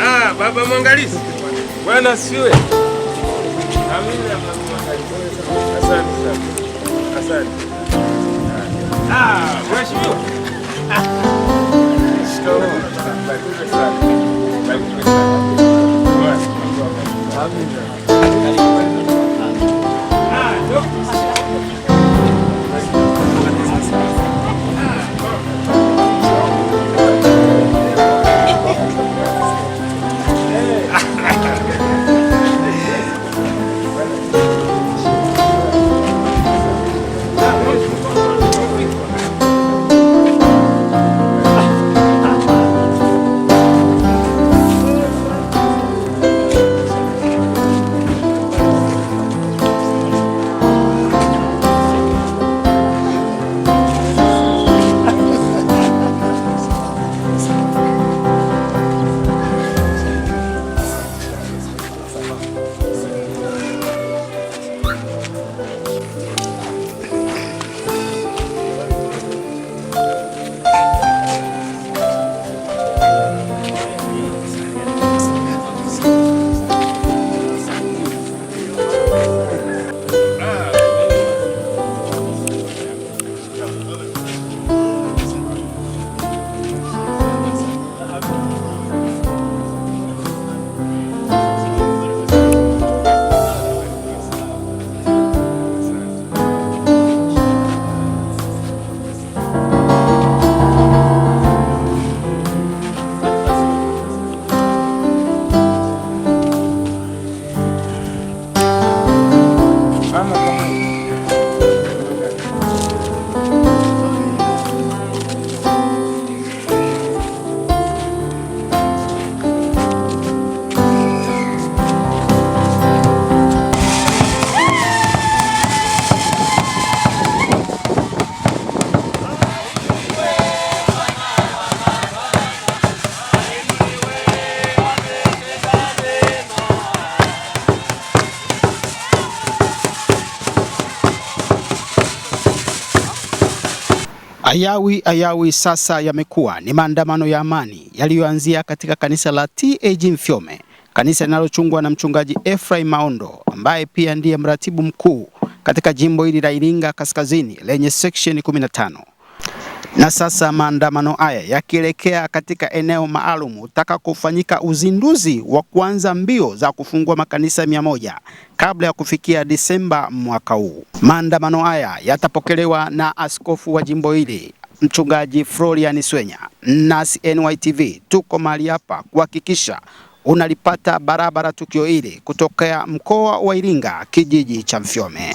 Ah, baba mwangalizi. Bwana siwe. Amina baba mwangalizi. Asante sana. Asante. Ah, mheshimiwa. Amina. Ah, Ayawi ayawi sasa yamekuwa ni maandamano ya amani yaliyoanzia katika kanisa la TAG Mfyome, kanisa linalochungwa na mchungaji Ephraim Maondo ambaye pia ndiye mratibu mkuu katika jimbo hili la Iringa Kaskazini lenye section 15. Na sasa maandamano haya yakielekea katika eneo maalum utaka kufanyika uzinduzi wa kuanza mbio za kufungua makanisa mia moja kabla ya kufikia Disemba mwaka huu. Maandamano haya yatapokelewa na askofu wa jimbo hili Mchungaji Florian Swenya. Nas NYTV tuko mahali hapa kuhakikisha unalipata barabara tukio hili kutokea mkoa wa Iringa, kijiji cha Mfyome.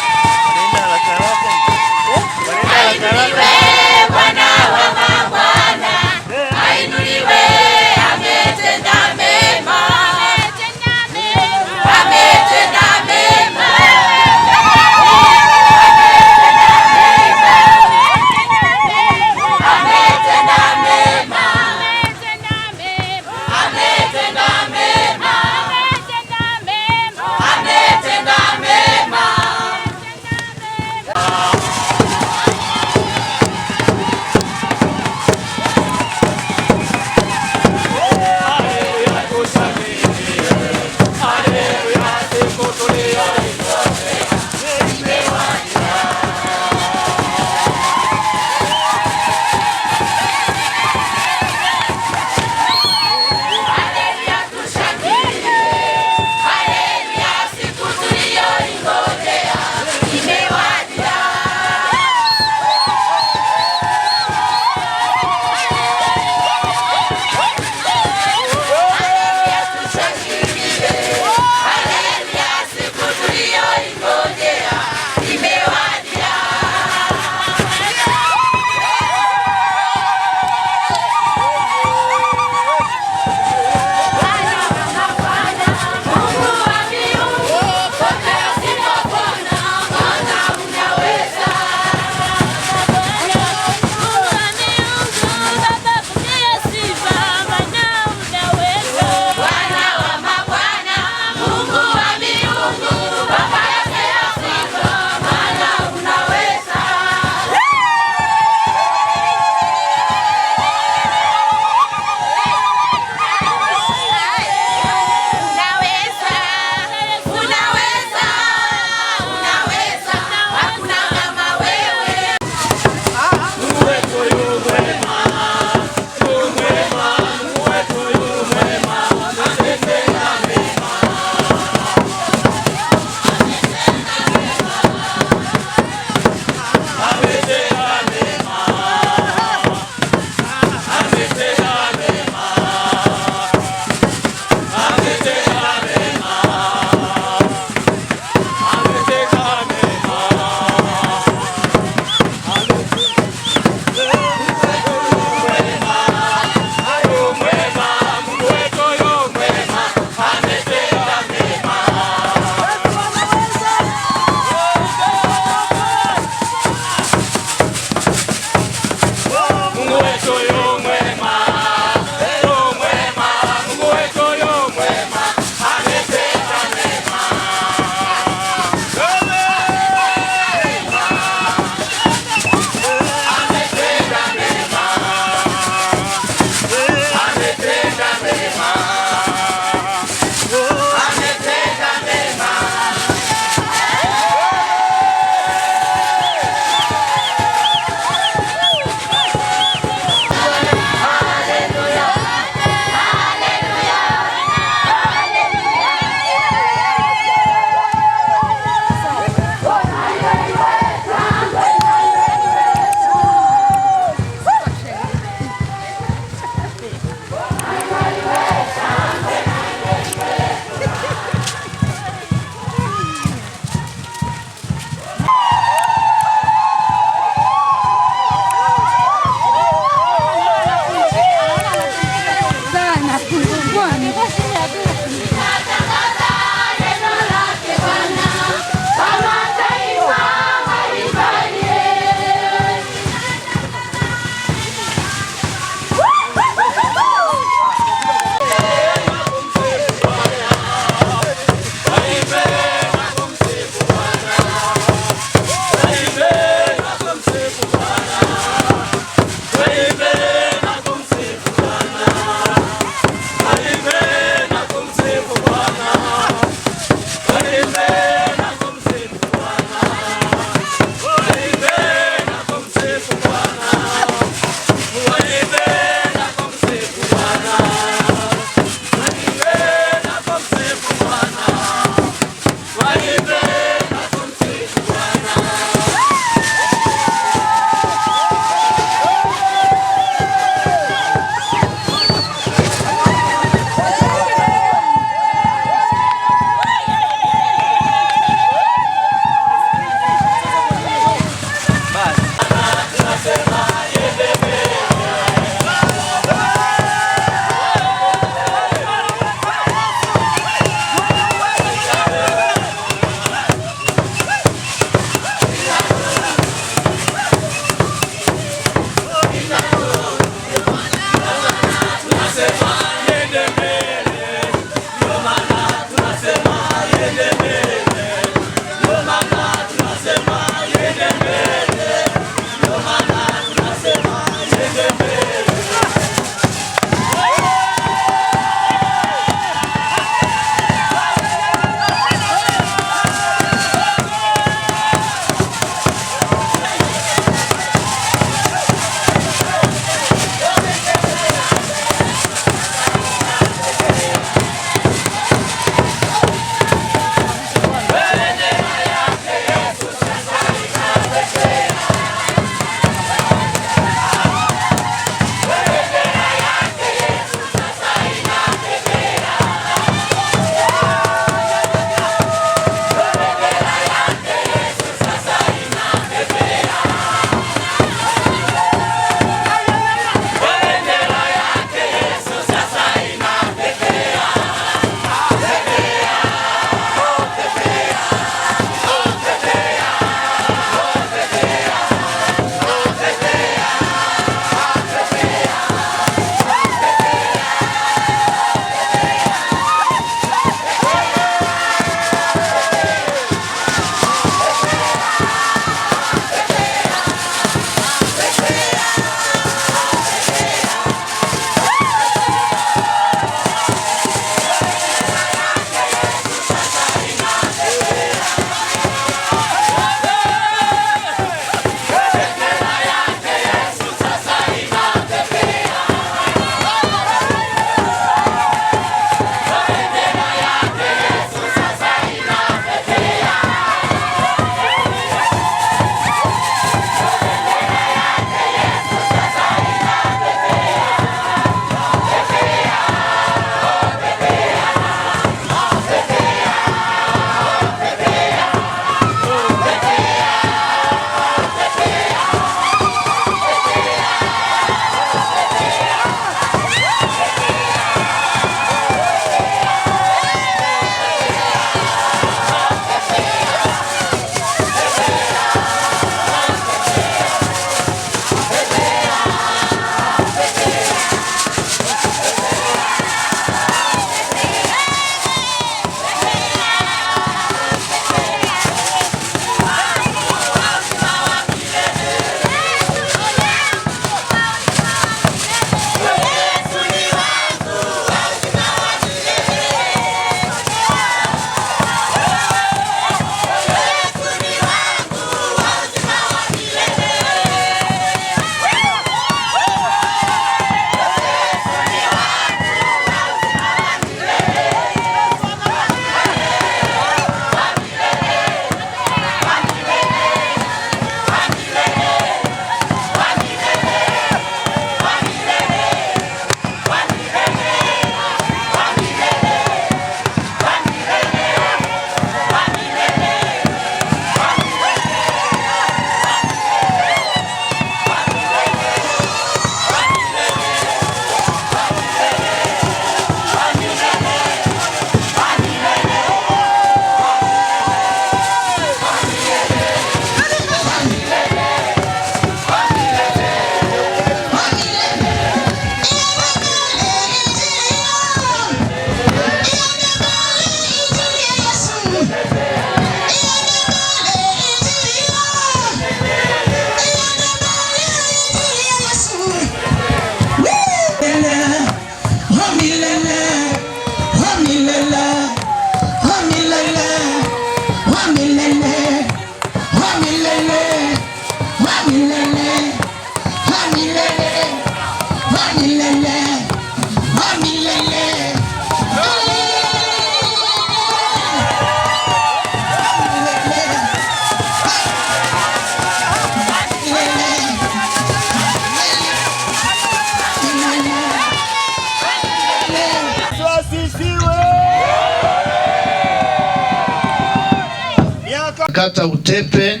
kata utepe,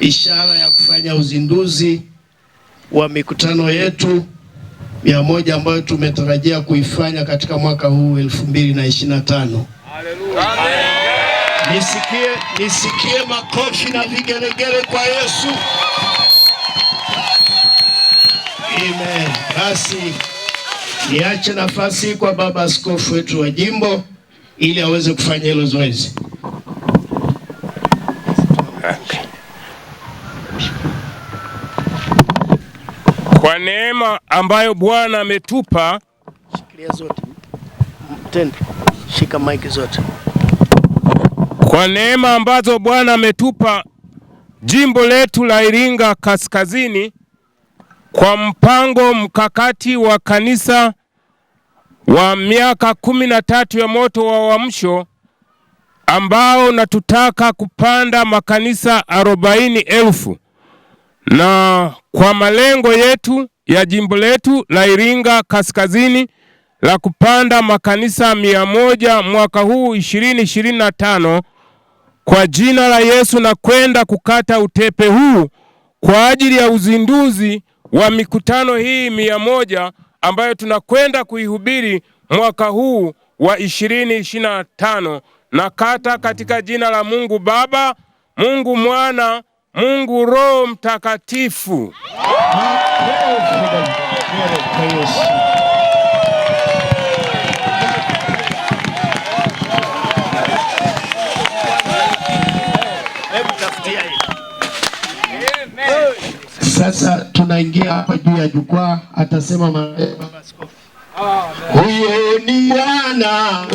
ishara ya kufanya uzinduzi wa mikutano yetu mia moja ambayo tumetarajia kuifanya katika mwaka huu 2025. Nisikie, nisikie makofi na vigelegele kwa Yesu. Amen. Basi niache nafasi kwa baba askofu wetu wa jimbo ili aweze kufanya hilo zoezi. Kwa neema ambayo Bwana ametupa, shikilia zote shika zote. Kwa neema ambazo Bwana ametupa jimbo letu la Iringa Kaskazini, kwa mpango mkakati wa kanisa wa miaka kumi na tatu ya moto wa uamsho ambao unatutaka kupanda makanisa arobaini elfu na kwa malengo yetu ya jimbo letu la Iringa Kaskazini la kupanda makanisa mia moja mwaka huu 2025 kwa jina la Yesu, na kwenda kukata utepe huu kwa ajili ya uzinduzi wa mikutano hii mia moja ambayo tunakwenda kuihubiri mwaka huu wa 2025 na kata katika jina la Mungu Baba, Mungu Mwana, Mungu Roho Mtakatifu. Sasa tunaingia hapa juu ya jukwaa, atasema Baba Askofu. Huyo ni Bwana,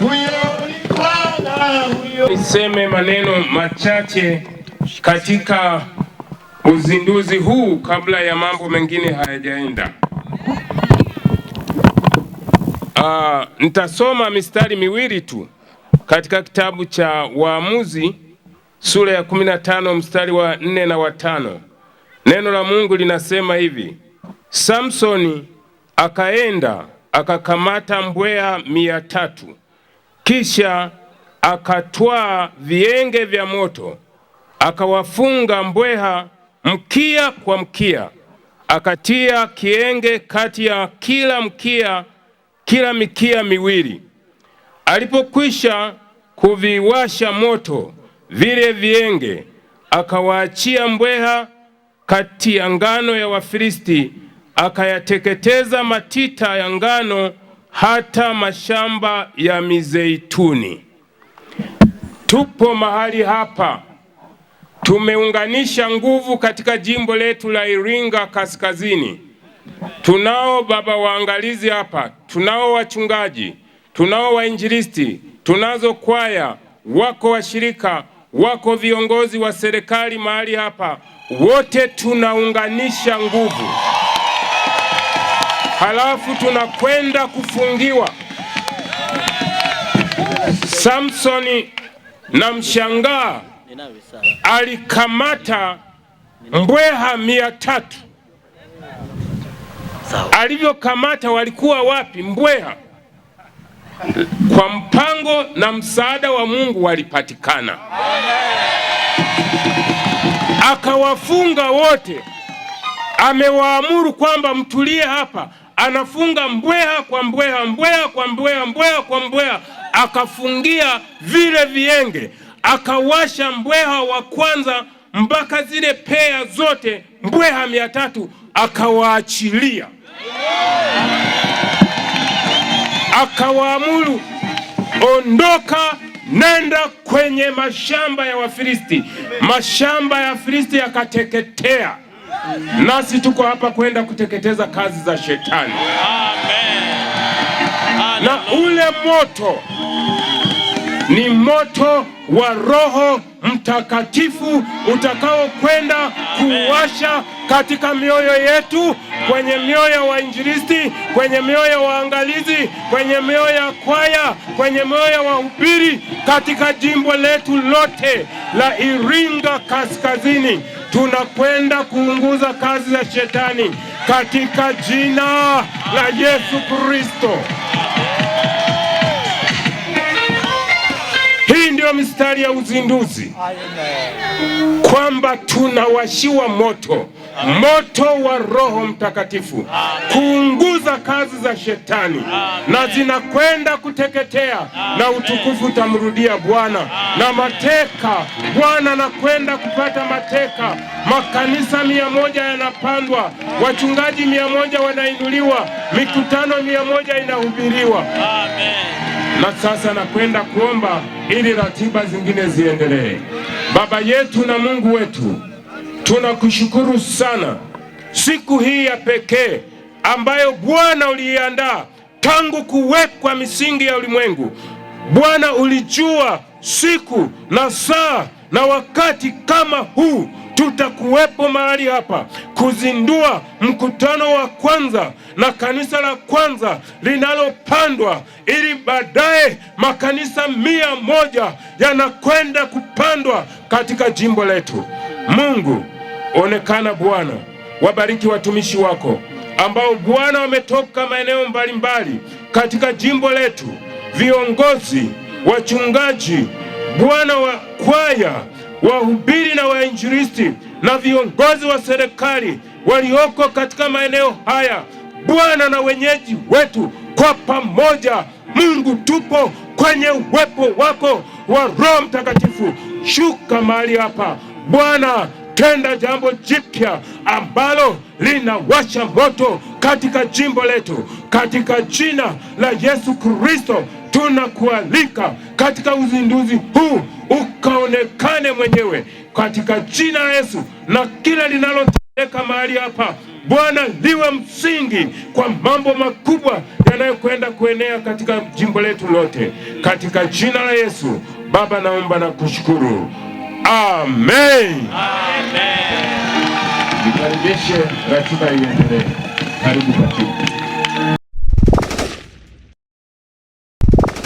huyo ni Bwana. Niseme maneno machache katika uzinduzi huu kabla ya mambo mengine hayajaenda. Uh, nitasoma mistari miwili tu katika kitabu cha Waamuzi sura ya 15 mstari wa 4 na wa 5. Neno la Mungu linasema hivi: Samsoni akaenda akakamata mbweha mia tatu kisha akatwaa vienge vya moto akawafunga mbweha mkia kwa mkia, akatia kienge kati ya kila mkia, kila mikia miwili. Alipokwisha kuviwasha moto vile vienge, akawaachia mbweha kati ya ngano ya Wafilisti akayateketeza matita ya ngano hata mashamba ya mizeituni. Tupo mahali hapa, tumeunganisha nguvu katika jimbo letu la Iringa Kaskazini. Tunao baba waangalizi hapa, tunao wachungaji, tunao wainjilisti, tunazo kwaya, wako washirika, wako viongozi wa serikali mahali hapa, wote tunaunganisha nguvu halafu tunakwenda kufungiwa. Samsoni na mshangaa alikamata mbweha mia tatu. Alivyokamata walikuwa wapi mbweha? Kwa mpango na msaada wa Mungu walipatikana, akawafunga wote. Amewaamuru kwamba mtulie hapa anafunga mbweha kwa mbweha, mbweha kwa mbweha, mbweha kwa mbweha, akafungia vile vienge, akawasha mbweha wa kwanza mpaka zile pea zote mbweha mia tatu akawaachilia, akawaamuru ondoka, nenda kwenye mashamba ya Wafilisti. Mashamba ya Filisti yakateketea nasi tuko hapa kwenda kuteketeza kazi za shetani. Amen. Na ule moto ni moto wa Roho Mtakatifu utakaokwenda kuwasha katika mioyo yetu, kwenye mioyo ya wainjilisti, kwenye mioyo ya waangalizi, kwenye mioyo ya kwaya, kwenye mioyo ya wahubiri katika jimbo letu lote la Iringa Kaskazini tunakwenda kuunguza kazi za shetani katika jina la Yesu Kristo. katika mistari ya uzinduzi kwamba tunawashiwa moto moto wa Roho Mtakatifu kuunguza kazi za shetani Amen. na zinakwenda kuteketea Amen. na utukufu utamrudia Bwana na mateka Bwana anakwenda kupata mateka. Makanisa mia moja yanapandwa, wachungaji mia moja wanainuliwa, mikutano mia moja inahubiriwa Amen na sasa nakwenda kuomba ili ratiba zingine ziendelee. Baba yetu na Mungu wetu, tunakushukuru sana siku hii ya pekee ambayo Bwana uliiandaa tangu kuwekwa misingi ya ulimwengu. Bwana ulijua siku na saa na wakati kama huu tutakuwepo mahali hapa kuzindua mkutano wa kwanza na kanisa la kwanza linalopandwa, ili baadaye makanisa mia moja yanakwenda kupandwa katika jimbo letu. Mungu onekana, Bwana wabariki watumishi wako ambao Bwana wametoka maeneo mbalimbali katika jimbo letu, viongozi, wachungaji, Bwana wa kwaya wahubiri na wainjilisti na viongozi wa serikali walioko katika maeneo haya, Bwana na wenyeji wetu, kwa pamoja, Mungu, tupo kwenye uwepo wako wa Roho Mtakatifu. Shuka mahali hapa Bwana, tenda jambo jipya ambalo linawasha moto katika jimbo letu, katika jina la Yesu Kristo tunakualika katika uzinduzi huu ukaonekane mwenyewe katika jina la Yesu, na kila linalotendeka mahali hapa Bwana liwe msingi kwa mambo makubwa yanayokwenda kuenea katika jimbo letu lote, katika jina la Yesu. Baba, naomba na kushukuru, amen. Nikaribishe ratiba iendelee. Karibu katika